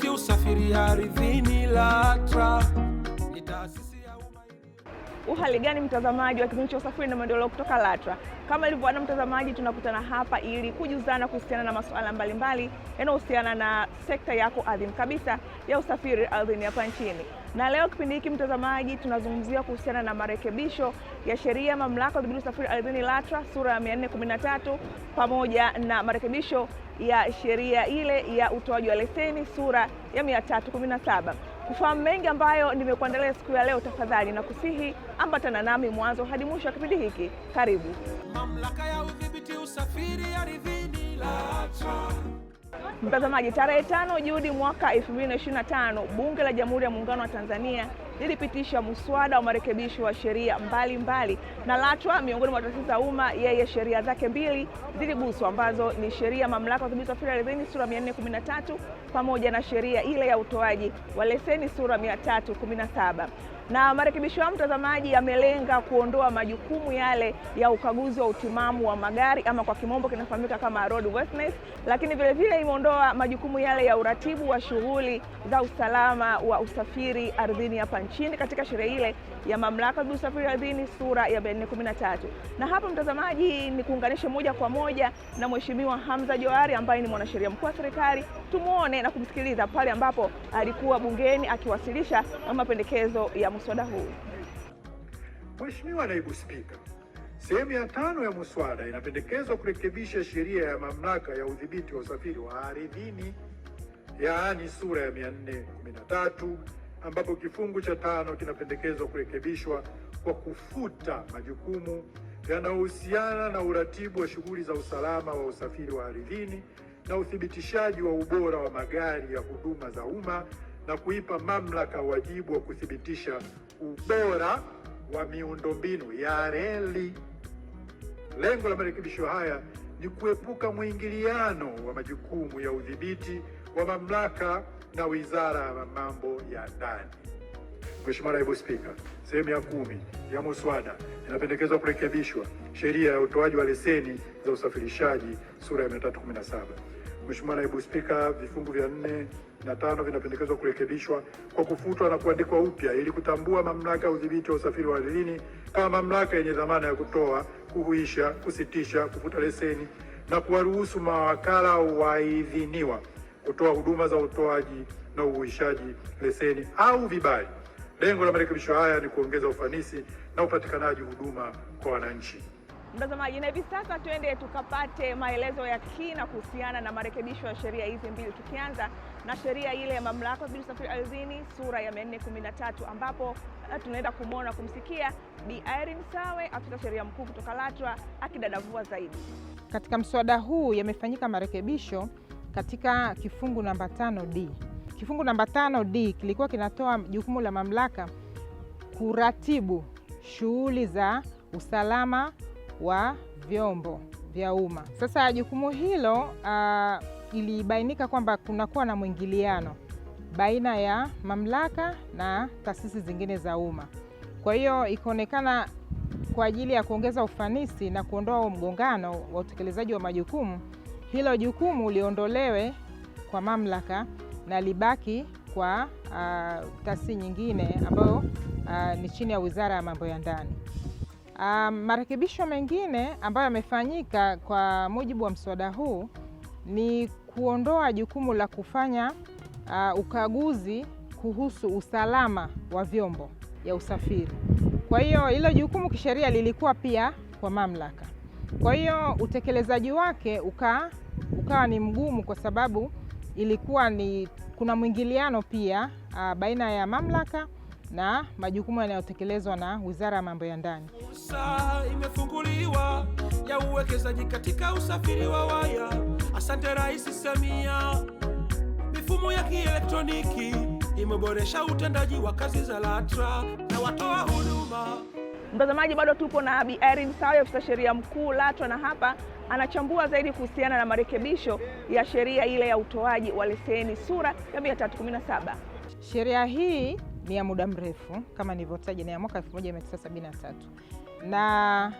Shiriki usafiri ardhini LATRA. Uhali gani mtazamaji wa kipindi cha usafiri na maendeleo kutoka LATRA. Kama ilivyoana mtazamaji, tunakutana hapa ili kujuzana kuhusiana na masuala mbalimbali yanayohusiana na sekta yako adhimu kabisa ya usafiri ardhini hapa nchini. Na leo kipindi hiki mtazamaji, tunazungumzia kuhusiana na marekebisho ya sheria mamlaka ya udhibiti usafiri ardhini LATRA sura ya 413 pamoja na marekebisho ya sheria ile ya utoaji wa leseni sura ya 317. Kufahamu mengi ambayo nimekuandalia siku ya leo, tafadhali na kusihi ambatana nami mwanzo hadi mwisho wa kipindi hiki. Karibu. Mamlaka ya udhibiti usafiri ardhini LATRA Mtazamaji, tarehe tano Juni mwaka 2025 Bunge la Jamhuri ya Muungano wa Tanzania lilipitisha mswada wa marekebisho wa sheria mbalimbali, na LATRA miongoni mwa taasisi za umma, yeye sheria zake mbili ziliguswa, ambazo ni sheria mamlaka udhibiti wa fedha leseni sura 413 pamoja na sheria ile ya utoaji wa leseni sura 317 na marekebisho hayo mtazamaji, yamelenga kuondoa majukumu yale ya ukaguzi wa utimamu wa magari ama kwa kimombo kinafahamika kama roadworthiness, lakini vilevile imeondoa majukumu yale ya uratibu wa shughuli za usalama wa usafiri ardhini hapa nchini katika sheria ile ya mamlaka ya usafiri ardhini sura ya 413. Na hapa mtazamaji, ni kuunganishe moja kwa moja na Mheshimiwa Hamza Johari ambaye ni mwanasheria mkuu wa serikali tumwone na kumsikiliza pale ambapo alikuwa bungeni akiwasilisha mapendekezo ya mswada huu. Mheshimiwa Naibu Spika, sehemu ya tano ya mswada inapendekezwa kurekebisha sheria ya mamlaka ya udhibiti wa usafiri wa ardhini, yaani sura ya 413 ambapo kifungu cha tano kinapendekezwa kurekebishwa kwa kufuta majukumu yanayohusiana na uratibu wa shughuli za usalama wa usafiri wa ardhini na uthibitishaji wa ubora wa magari ya huduma za umma na kuipa mamlaka wajibu wa kuthibitisha ubora wa miundombinu ya reli. Lengo la marekebisho haya ni kuepuka mwingiliano wa majukumu ya udhibiti wa mamlaka na Wizara ya Mambo ya Ndani. Mheshimiwa Naibu Spika, sehemu ya kumi ya muswada inapendekezwa kurekebishwa sheria ya utoaji wa leseni za usafirishaji sura ya 317. Mheshimiwa Naibu Spika, vifungu vya nne na tano vinapendekezwa kurekebishwa kwa kufutwa na kuandikwa upya ili kutambua mamlaka ya udhibiti wa usafiri wa ardhini kama mamlaka yenye dhamana ya kutoa, kuhuisha, kusitisha, kufuta leseni na kuwaruhusu mawakala waidhiniwa kutoa huduma za utoaji na uhuishaji leseni au vibali. Lengo la marekebisho haya ni kuongeza ufanisi na upatikanaji huduma kwa wananchi. Mtazamaji, na hivi sasa tuende tukapate maelezo ya kina kuhusiana na marekebisho ya sheria hizi mbili, tukianza na sheria ile ya mamlaka bila usafiri ardhini sura ya 413 ambapo eh, tunaenda kumwona kumsikia Bi Irene Sawe, afisa sheria mkuu kutoka LATRA akidadavua zaidi. Katika mswada huu yamefanyika marekebisho katika kifungu namba 5D. Kifungu namba 5D kilikuwa kinatoa jukumu la mamlaka kuratibu shughuli za usalama wa vyombo vya umma. Sasa jukumu hilo uh, ilibainika kwamba kunakuwa na mwingiliano baina ya mamlaka na taasisi zingine za umma. Kwa hiyo ikaonekana kwa ajili ya kuongeza ufanisi na kuondoa mgongano wa utekelezaji wa majukumu, hilo jukumu liondolewe kwa mamlaka na libaki kwa uh, taasisi nyingine ambayo uh, ni chini ya Wizara ya Mambo ya Ndani. Um, marekebisho mengine ambayo yamefanyika kwa mujibu wa mswada huu ni kuondoa jukumu la kufanya uh, ukaguzi kuhusu usalama wa vyombo ya usafiri. Kwa hiyo hilo jukumu kisheria lilikuwa pia kwa mamlaka. Kwa hiyo utekelezaji wake uka, ukawa ni mgumu kwa sababu ilikuwa ni kuna mwingiliano pia uh, baina ya mamlaka na majukumu yanayotekelezwa na Wizara ya Mambo ya Ndani. Fursa imefunguliwa ya uwekezaji katika usafiri wa waya. Asante Rais Samia. Mifumo ya kielektroniki imeboresha utendaji wa kazi za LATRA na watoa huduma. Mtazamaji, bado tupo na Bi Irene Sawe, afisa sheria mkuu LATRA, na hapa anachambua zaidi kuhusiana na marekebisho ya sheria ile ya utoaji wa leseni sura ya 317. Sheria hii ni ya muda mrefu kama nilivyotaja, ni ya mwaka 1973 na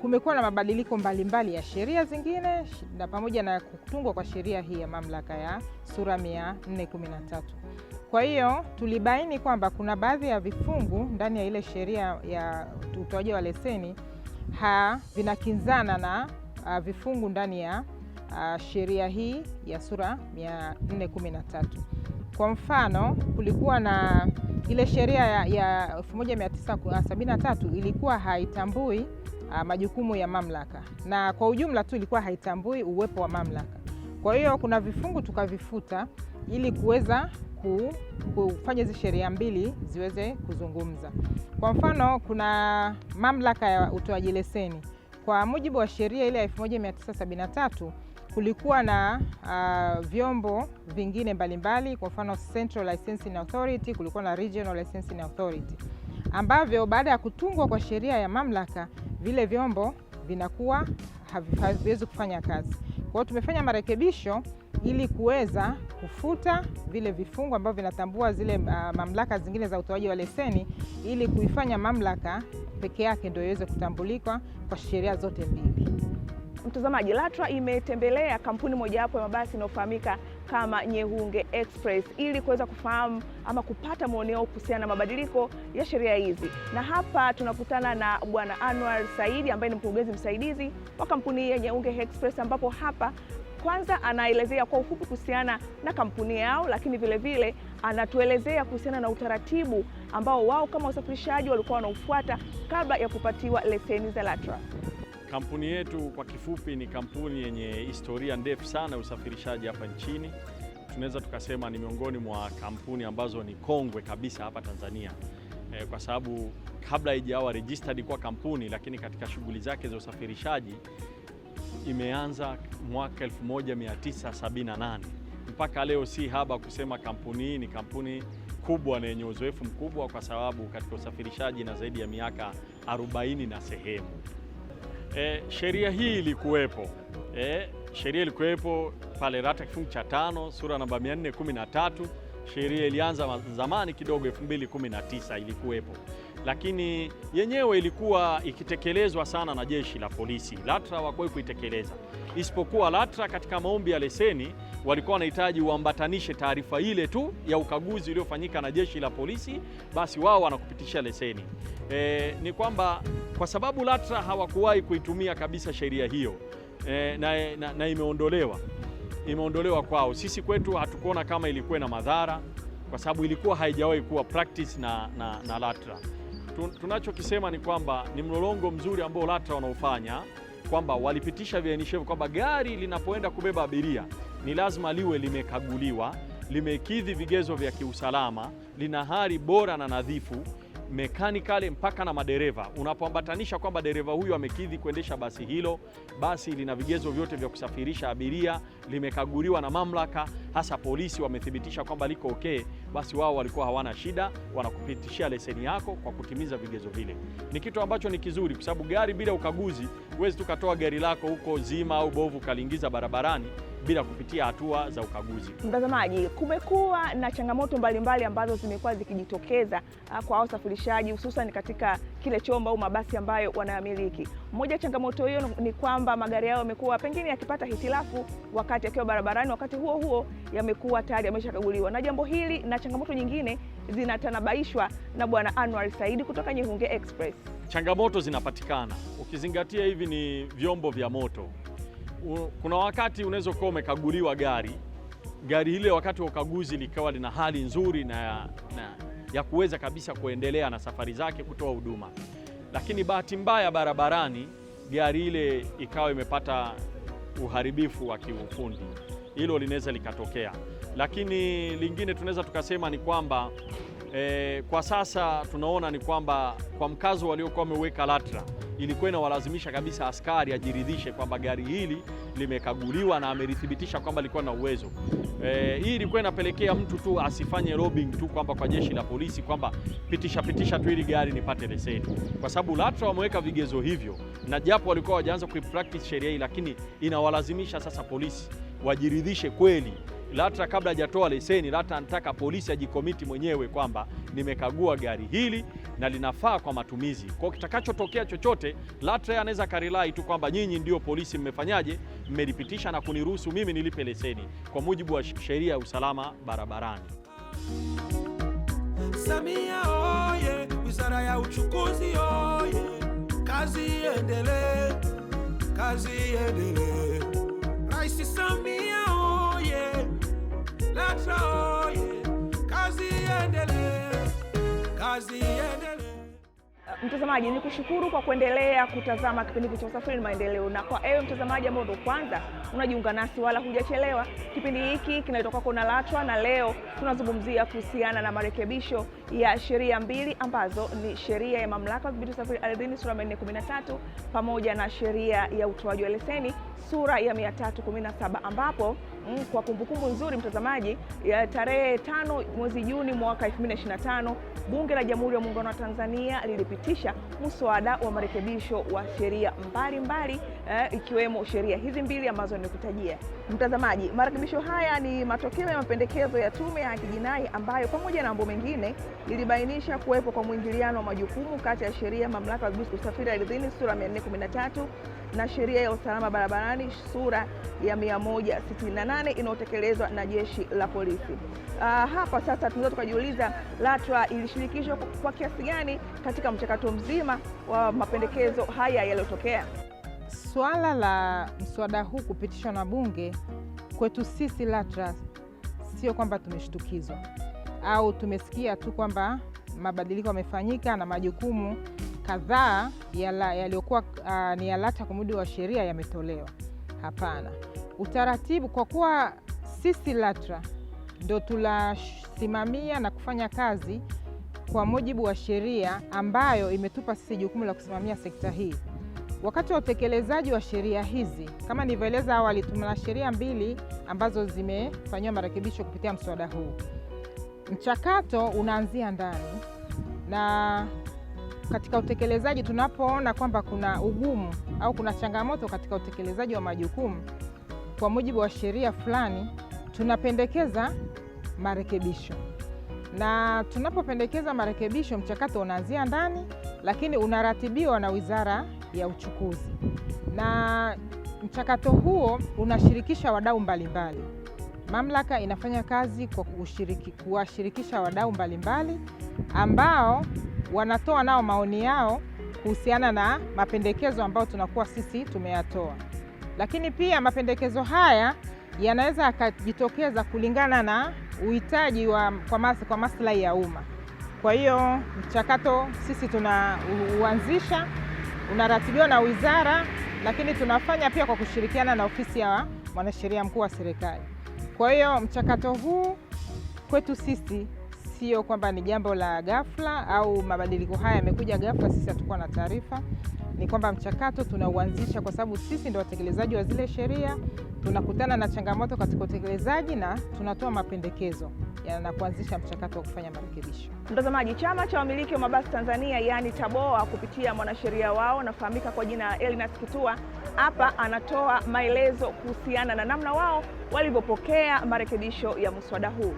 kumekuwa na mabadiliko mbalimbali ya sheria zingine na pamoja na kutungwa kwa sheria hii ya mamlaka ya sura 413. Kwa hiyo tulibaini kwamba kuna baadhi ya vifungu ndani ya ile sheria ya utoaji wa leseni ha vinakinzana na uh, vifungu ndani ya uh, sheria hii ya sura 413. Kwa mfano kulikuwa na ile sheria ya, 1973 ilikuwa haitambui ah, majukumu ya mamlaka na kwa ujumla tu ilikuwa haitambui uwepo wa mamlaka. Kwa hiyo kuna vifungu tukavifuta ili kuweza kufanya hizi sheria mbili ziweze kuzungumza. Kwa mfano kuna mamlaka ya utoaji leseni kwa mujibu wa sheria ile ya 1973 Kulikuwa na uh, vyombo vingine mbalimbali, kwa mfano Central Licensing Authority, kulikuwa na Regional Licensing Authority ambavyo baada ya kutungwa kwa sheria ya mamlaka vile vyombo vinakuwa haviwezi kufanya kazi. Kwa hiyo tumefanya marekebisho ili kuweza kufuta vile vifungu ambavyo vinatambua zile uh, mamlaka zingine za utoaji wa leseni ili kuifanya mamlaka peke yake ndio iweze kutambulika kwa sheria zote mbili. Mtazamaji, LATRA imetembelea kampuni mojawapo ya mabasi inayofahamika kama Nyehunge Express ili kuweza kufahamu ama kupata maoni yao kuhusiana na mabadiliko ya sheria hizi, na hapa tunakutana na Bwana Anwar Saidi ambaye ni mkurugenzi msaidizi wa kampuni ya Nyehunge Express, ambapo hapa kwanza anaelezea kwa ufupi kuhusiana na kampuni yao, lakini vile vile anatuelezea kuhusiana na utaratibu ambao wao kama wasafirishaji walikuwa wanaufuata kabla ya kupatiwa leseni za LATRA. Kampuni yetu kwa kifupi ni kampuni yenye historia ndefu sana ya usafirishaji hapa nchini. Tunaweza tukasema ni miongoni mwa kampuni ambazo ni kongwe kabisa hapa Tanzania e, kwa sababu kabla haijawa registered kwa kampuni, lakini katika shughuli zake za usafirishaji imeanza mwaka 1978 mpaka leo. Si haba kusema kampuni hii ni kampuni kubwa na yenye uzoefu mkubwa, kwa sababu katika usafirishaji na zaidi ya miaka 40 na sehemu e, sheria hii ilikuwepo e, sheria ilikuwepo pale RATA kifungu cha tano sura namba 413. Sheria ilianza zamani kidogo 2019 ilikuwepo, lakini yenyewe ilikuwa ikitekelezwa sana na jeshi la polisi. LATRA hawakuwahi kuitekeleza, isipokuwa LATRA katika maombi ya leseni walikuwa wanahitaji uambatanishe taarifa ile tu ya ukaguzi uliofanyika na jeshi la polisi, basi wao wanakupitishia leseni. E, ni kwamba kwa sababu LATRA hawakuwahi kuitumia kabisa sheria hiyo e, na, na, na imeondolewa imeondolewa kwao. Sisi kwetu hatukuona kama ilikuwa na madhara kwa sababu ilikuwa haijawahi kuwa practice na, na, na LATRA. Tunachokisema ni kwamba ni mlolongo mzuri ambao LATRA wanaofanya kwamba walipitisha viainishavi kwamba gari linapoenda kubeba abiria ni lazima liwe limekaguliwa, limekidhi vigezo vya kiusalama, lina hali bora na nadhifu mekanikale mpaka na madereva. Unapoambatanisha kwamba dereva huyu amekidhi kuendesha basi hilo, basi lina vigezo vyote vya kusafirisha abiria, limekaguliwa na mamlaka, hasa polisi wamethibitisha kwamba liko okay, basi wao walikuwa hawana shida, wanakupitishia leseni yako kwa kutimiza vigezo vile. Ni kitu ambacho ni kizuri, kwa sababu gari bila ukaguzi huwezi tukatoa gari lako huko zima au bovu ukaliingiza barabarani bila kupitia hatua za ukaguzi. Mtazamaji, kumekuwa na changamoto mbalimbali mbali ambazo zimekuwa zikijitokeza ah, kwa wasafirishaji hususan katika kile chombo au mabasi ambayo wanayamiliki. Moja changamoto hiyo ni kwamba magari yao yamekuwa pengine yakipata hitilafu wakati yakiwa barabarani, wakati huo huo yamekuwa tayari yameshakaguliwa, na jambo hili na changamoto nyingine zinatanabaishwa na Bwana Anwar Saidi kutoka Nyehunge Express. Changamoto zinapatikana ukizingatia hivi ni vyombo vya moto kuna wakati unaweza ukawa umekaguliwa gari gari ile wakati wa ukaguzi likawa lina hali nzuri na, na, ya kuweza kabisa kuendelea na safari zake kutoa huduma, lakini bahati mbaya barabarani gari ile ikawa imepata uharibifu wa kiufundi. Hilo linaweza likatokea, lakini lingine tunaweza tukasema ni kwamba e, kwa sasa tunaona ni kwamba kwa mkazo waliokuwa wameweka LATRA ilikuwa inawalazimisha kabisa askari ajiridhishe kwamba gari hili limekaguliwa na amelithibitisha kwamba lilikuwa na uwezo. E, hii ilikuwa inapelekea mtu tu asifanye lobbying tu kwamba kwa jeshi la polisi kwamba pitisha pitisha tu hili gari nipate leseni, kwa sababu LATRA wameweka vigezo hivyo, na japo walikuwa wajaanza kuipractice sheria hii, lakini inawalazimisha sasa polisi wajiridhishe kweli LATRA kabla hajatoa leseni, LATRA anataka polisi ajikomiti mwenyewe kwamba nimekagua gari hili na linafaa kwa matumizi. Kwa kitakachotokea chochote, LATRA anaweza karilai tu kwamba nyinyi ndio polisi, mmefanyaje, mmelipitisha na kuniruhusu mimi nilipe leseni kwa mujibu wa sheria ya usalama barabarani. Samia oye! Wizara ya Uchukuzi oye! Kazi iendelee, kazi iendelee. kazi uh, iendelee. Mtazamaji, ni kushukuru kwa kuendelea kutazama kipindi cha Usafiri na Maendeleo, na kwa ewe mtazamaji ambao ndo kwanza unajiunga nasi, wala hujachelewa. Kipindi hiki kinaitwa kwako na na leo tunazungumzia kuhusiana na marekebisho ya sheria mbili ambazo ni sheria ya mamlaka ya kudhibiti usafiri ardhini sura ya 413 pamoja na sheria ya utoaji wa leseni sura ya 317 ambapo mm, kwa kumbukumbu nzuri mtazamaji, ya tarehe tano mwezi Juni mwaka 2025 Bunge la Jamhuri ya Muungano wa Tanzania lilipitisha mswada wa marekebisho wa sheria mbalimbali eh, ikiwemo sheria hizi mbili ambazo nimekutajia. Mtazamaji, marekebisho haya ni matokeo ya mapendekezo ya Tume ya Haki Jinai ambayo pamoja na mambo mengine ilibainisha kuwepo kwa mwingiliano wa majukumu kati ya sheria mamlaka ya usafiri ardhini sura 413 na sheria ya usalama barabarani sura ya 168 inayotekelezwa na jeshi la polisi. Uh, hapa sasa tunaweza tukajiuliza LATRA ilishirikishwa kwa kiasi gani katika mchakato mzima wa mapendekezo haya yaliyotokea. Swala la mswada huu kupitishwa na Bunge kwetu sisi LATRA sio kwamba tumeshtukizwa au tumesikia tu kwamba mabadiliko yamefanyika na majukumu kadhaa yaliyokuwa uh, ni ya LATRA kwa mujibu wa sheria yametolewa. Hapana, utaratibu kwa kuwa sisi LATRA ndo tunasimamia na kufanya kazi kwa mujibu wa sheria ambayo imetupa sisi jukumu la kusimamia sekta hii. Wakati wa utekelezaji wa sheria hizi, kama nilivyoeleza awali, tuna sheria mbili ambazo zimefanyiwa marekebisho kupitia mswada huu. Mchakato unaanzia ndani, na katika utekelezaji tunapoona kwamba kuna ugumu au kuna changamoto katika utekelezaji wa majukumu kwa mujibu wa sheria fulani, tunapendekeza marekebisho na tunapopendekeza marekebisho, mchakato unaanzia ndani, lakini unaratibiwa na wizara ya uchukuzi, na mchakato huo unashirikisha wadau mbalimbali. Mamlaka inafanya kazi kwa kuwashirikisha wadau mbalimbali ambao wanatoa nao maoni yao kuhusiana na mapendekezo ambayo tunakuwa sisi tumeyatoa, lakini pia mapendekezo haya yanaweza yakajitokeza kulingana na uhitaji wa kwa, mas, kwa maslahi ya umma. Kwa hiyo mchakato sisi tunauanzisha unaratibiwa na wizara, lakini tunafanya pia kwa kushirikiana na ofisi ya mwanasheria mkuu wa serikali. Kwa hiyo mchakato huu kwetu sisi sio kwamba ni jambo la ghafla au mabadiliko haya yamekuja ghafla, sisi hatukuwa na taarifa. Ni kwamba mchakato tunauanzisha kwa sababu sisi ndio watekelezaji wa zile sheria, tunakutana na changamoto katika utekelezaji na tunatoa mapendekezo na kuanzisha mchakato wa kufanya marekebisho. Mtazamaji, chama cha wamiliki wa mabasi Tanzania yaani TABOA kupitia mwanasheria wao anafahamika kwa jina la Elinas Kitua hapa anatoa maelezo kuhusiana na namna wao walivyopokea marekebisho ya mswada huu.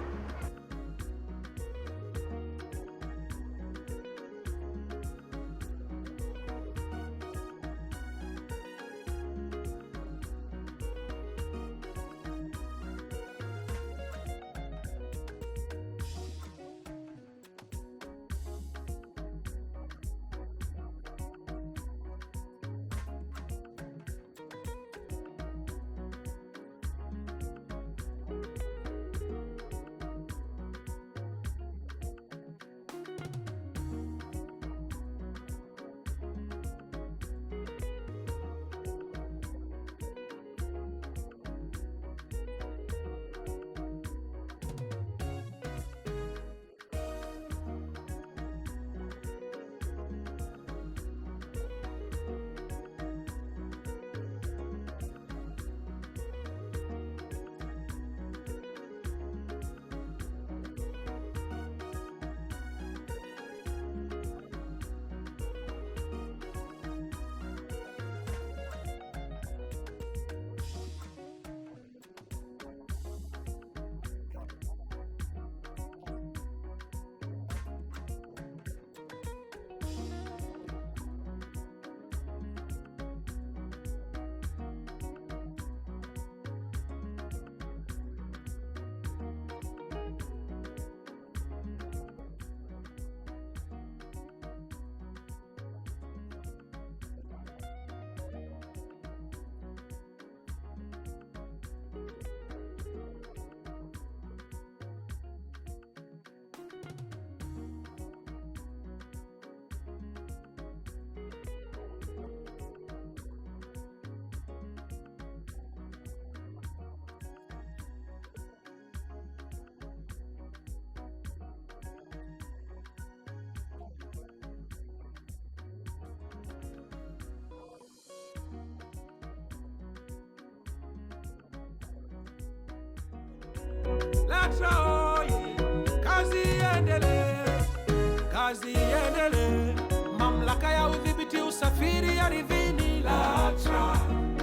kazi iendelee. Mamlaka ya udhibiti usafiri ardhini LATRA,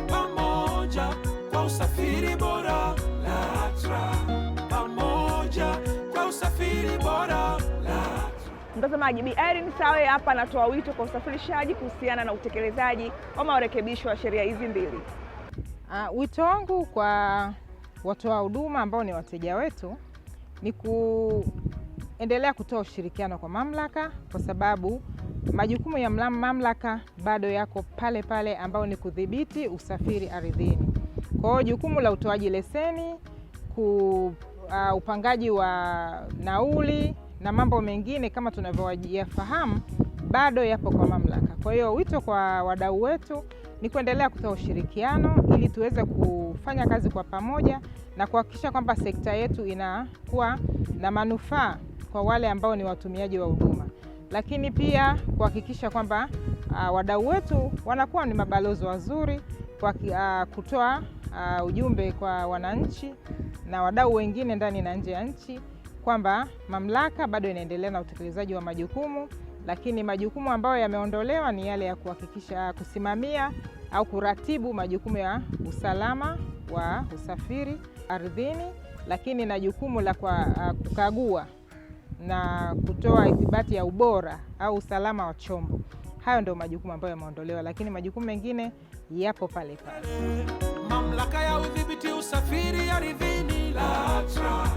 pamoja kwa usafiri bora. LATRA, pamoja kwa usafiri bora. Mtazamaji, Bi Irene Sawe hapa anatoa wito kwa usafirishaji kuhusiana na utekelezaji wa marekebisho ya sheria hizi mbili. Uh, wito wangu kwa watoa huduma ambao ni wateja wetu ni ku endelea kutoa ushirikiano kwa mamlaka, kwa sababu majukumu ya mamlaka bado yako pale pale, ambao ni kudhibiti usafiri ardhini. Kwa hiyo jukumu la utoaji leseni ku uh, upangaji wa nauli na mambo mengine kama tunavyoyafahamu bado yapo kwa mamlaka. Kwa hiyo wito kwa wadau wetu ni kuendelea kutoa ushirikiano ili tuweze kufanya kazi kwa pamoja na kuhakikisha kwamba sekta yetu inakuwa na manufaa kwa wale ambao ni watumiaji wa huduma, lakini pia kuhakikisha kwamba uh, wadau wetu wanakuwa ni mabalozi wazuri kwa uh, kutoa uh, ujumbe kwa wananchi na wadau wengine ndani na nje ya nchi kwamba mamlaka bado inaendelea na utekelezaji wa majukumu, lakini majukumu ambayo yameondolewa ni yale ya kuhakikisha kusimamia au kuratibu majukumu ya usalama wa usafiri ardhini, lakini na jukumu la kwa, uh, kukagua na kutoa ithibati ya ubora au usalama wa chombo. Hayo ndio majukumu ambayo yameondolewa, lakini majukumu mengine yapo pale pale. Mamlaka ya udhibiti usafiri ardhini LATRA,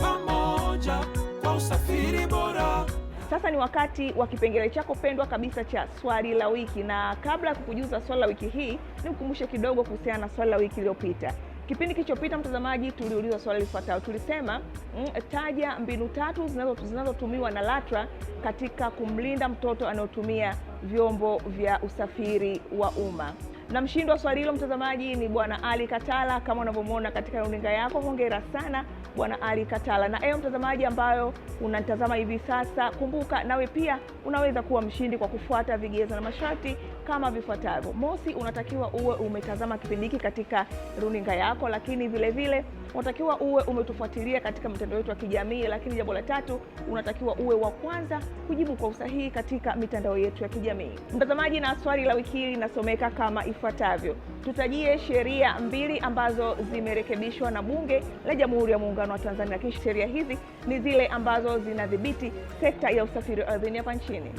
pamoja kwa usafiri bora. Sasa ni wakati wa kipengele chako pendwa kabisa cha swali la wiki, na kabla ya kukujuza swali la wiki hii, nikukumbushe kidogo kuhusiana na swali la wiki iliyopita. Kipindi kilichopita, mtazamaji, tuliuliza swali lifuatayo. Tulisema mm, taja mbinu tatu zinazotumiwa na LATRA katika kumlinda mtoto anayotumia vyombo vya usafiri wa umma na mshindi wa swali hilo mtazamaji ni Bwana Ali Katala, kama unavyomwona katika runinga yako. Hongera sana Bwana Ali Katala. Na ewe mtazamaji ambayo unanitazama hivi sasa, kumbuka nawe pia unaweza kuwa mshindi kwa kufuata vigezo na masharti kama vifuatavyo. Mosi, unatakiwa uwe umetazama kipindi hiki katika runinga yako, lakini vile vile unatakiwa uwe umetufuatilia katika mitandao yetu ya kijamii. Lakini jambo la tatu, unatakiwa uwe wa kwanza kujibu kwa usahihi katika mitandao yetu ya kijamii. Mtazamaji, na swali la wiki hii linasomeka kama ifuatavyo: tutajie sheria mbili ambazo zimerekebishwa na Bunge la Jamhuri ya Muungano wa Tanzania, lakini sheria hizi ni zile ambazo zinadhibiti sekta ya usafiri wa ardhini hapa nchini.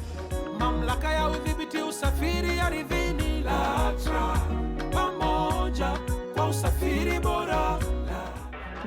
Mamlaka ya udhibiti usafiri ardhini LATRA, pamoja kwa usafiri bora.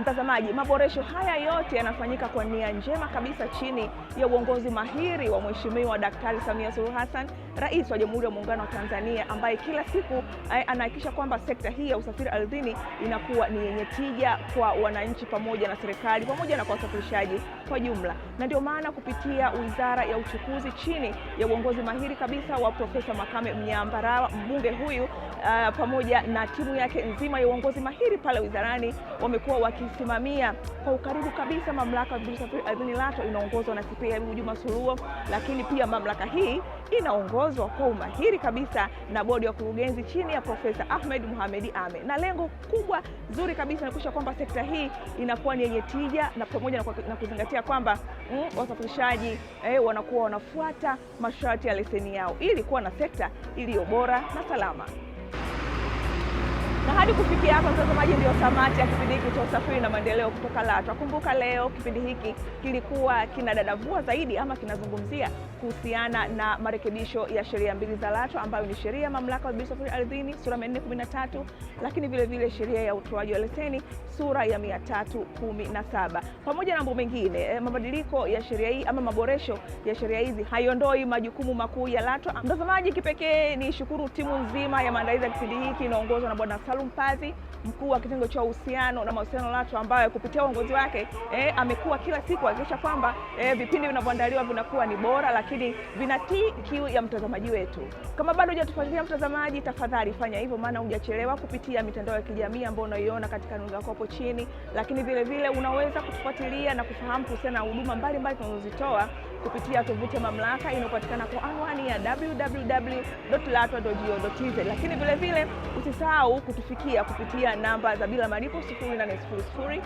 Mtazamaji, maboresho haya yote yanafanyika kwa nia njema kabisa chini ya uongozi mahiri wa Mheshimiwa Daktari Samia Suluhu Hassan Rais wa Jamhuri ya Muungano wa Tanzania ambaye kila siku eh, anahakikisha kwamba sekta hii ya usafiri ardhini inakuwa ni yenye tija kwa wananchi pamoja na serikali pamoja na kwa wasafirishaji kwa jumla, na ndio maana kupitia Wizara ya Uchukuzi chini ya uongozi mahiri kabisa wa Profesa Makame Mnyambarawa, mbunge huyu uh, pamoja na timu yake nzima ya uongozi mahiri pale wizarani wamekuwa wakisimamia kwa ukaribu kabisa mamlaka ya usafiri ardhini LATRA inaongozwa na CPA Juma Suluo, lakini pia mamlaka hii inaongozwa inaongozwa kwa umahiri kabisa na bodi ya wakurugenzi chini ya Profesa Ahmed muhamedi Ame, na lengo kubwa zuri kabisa ni kuhakikisha kwamba sekta hii inakuwa ni yenye tija na pamoja na kuzingatia kwamba mm, wasafirishaji eh, wanakuwa wanafuata masharti ya leseni yao ili kuwa na sekta iliyo bora na salama. Na hadi kufikia hapa, mtazamaji, ndio samati ya kipindi hiki cha usafiri na maendeleo kutoka LATRA. Kumbuka leo kipindi hiki kilikuwa kinadadavua zaidi ama kinazungumzia kuhusiana na marekebisho ya sheria mbili za LATRA ambayo ni sheria ya mamlaka ya usafiri ardhini sura ya 413, lakini vile vile sheria ya utoaji wa leseni sura ya 317, pamoja na mambo mengine. Eh, mabadiliko ya sheria hii ama maboresho ya sheria hizi haiondoi majukumu makuu ya LATRA. Mtazamaji, kipekee ni shukuru timu nzima ya maandalizi ya kipindi hiki inaongozwa na Bwana Salum Padhi, mkuu wa kitengo cha uhusiano na mahusiano LATRA, ambaye kupitia uongozi wake eh, amekuwa kila siku akikisha kwamba eh, vipindi vinavyoandaliwa vinakuwa ni bora, lakini vinatii kiu ya mtazamaji wetu. Kama bado hujatufuatilia mtazamaji, tafadhali fanya hivyo, maana hujachelewa kupitia mitandao ya kijamii ambayo unaiona katika nungu yako hapo chini, lakini vile vile unaweza kutufuatilia na kufahamu kuhusiana na huduma mbalimbali tunazozitoa kupitia tovuti ya mamlaka inayopatikana kwa anwani ya www.latwa.go.tz. Lakini vile vile usisahau kutufikia kupitia namba za bila malipo 0800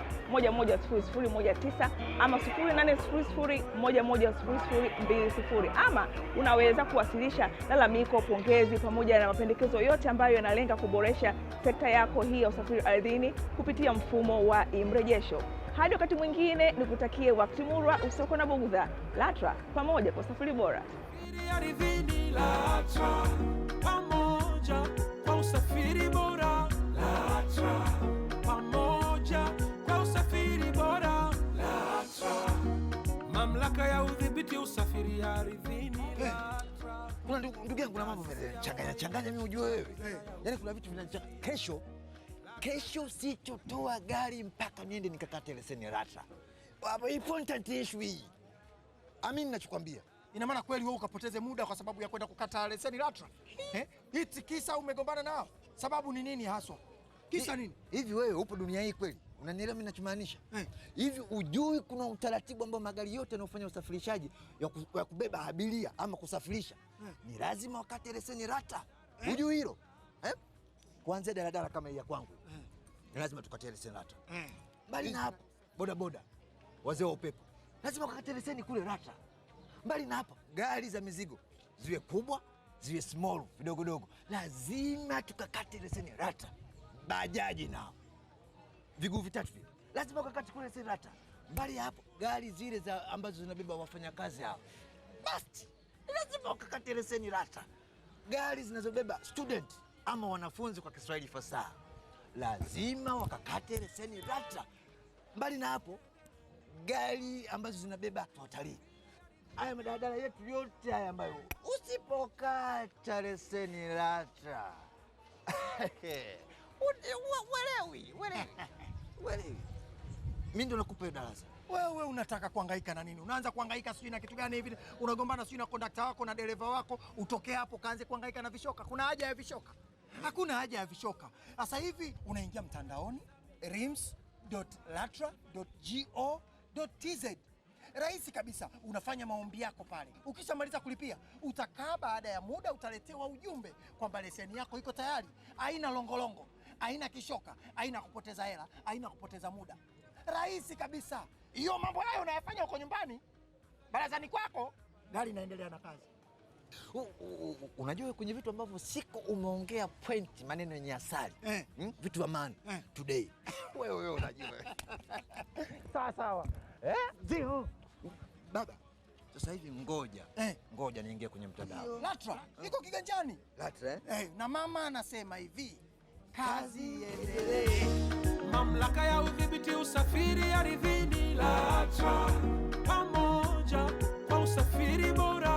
ama 0800 ama unaweza kuwasilisha lalamiko, pongezi pamoja na mapendekezo yote ambayo yanalenga kuboresha sekta yako hii ya usafiri ardhini kupitia mfumo wa imrejesho. Hadi wakati mwingine, nikutakie wakati murwa usioko na bugudha. LATRA, pamoja kwa usafiri bora. Eh, kuna ndugu yangu kuna mambo changanya changanya, mimi ujue wewe, eh. yaani kuna vitu vinachanganya kesho Kesho usichotoa gari mpaka niende nikakate leseni rata Important issue hii, amini nachokwambia. Ina maana kweli wewe ukapoteze muda kwa sababu ya kwenda kukata leseni rata eh? Iti kisa umegombana nao, sababu ni nini haswa? Kisa nini hivi? Wewe upo dunia hii kweli? Unanielewa mimi ninachomaanisha eh. hivi Ujui kuna utaratibu ambao magari yote yanayofanya usafirishaji ya kubeba abiria ama kusafirisha eh, ni lazima wakate leseni rata eh? Ujui hilo eh? Kuanzia daladala kama ya kwangu ni lazima tukatie leseni LATRA. Mm. Mbali na hapo, boda boda, wazee wa upepo lazima wakatie leseni kule rata Mbali na hapo, gari za mizigo ziwe kubwa ziwe small vidogodogo, lazima tukakate leseni rata Bajaji nao viguu vitatu vile lazima ukakate kule leseni rata Mbali ya hapo, gari zile za ambazo zinabeba wafanyakazi hao basi lazima ukakate leseni rata Gari zinazobeba student ama wanafunzi kwa Kiswahili fasaha lazima wakakate leseni rata Mbali na hapo, gari ambazo zinabeba watalii, haya madaladala yetu yote haya ambayo usipokata leseni LATRA welewi welewi mi ndo nakupa darasa. Wewe unataka kuangaika na nini? Unaanza kuangaika sijui na kitu gani hivi, unagombana sijui na kondakta wako na dereva wako, utokee hapo kaanze kuangaika na vishoka. Kuna haja ya vishoka? Hakuna haja ya vishoka. Sasa hivi unaingia mtandaoni rims.latra.go.tz rahisi kabisa, unafanya maombi yako pale. Ukishamaliza kulipia, utakaa baada ya muda utaletewa ujumbe kwamba leseni yako iko tayari. Haina longolongo, haina kishoka, haina kupoteza hela, haina kupoteza muda. Rahisi kabisa. Hiyo mambo hayo unayafanya huko nyumbani barazani kwako, gari inaendelea na kazi. Unajua kwenye vitu ambavyo siko umeongea point maneno yenye asali eh, hmm? vitu vya maana eh, today wewe wewe unajua sawa sawa eh, ndio baba sasa hivi ngoja eh, ngoja niingie kwenye mtandao LATRA hmm. iko kiganjani LATRA eh? eh, na mama anasema hivi kazi endelee. Mamlaka ya udhibiti usafiri ardhini LATRA, pamoja kwa usafiri bora.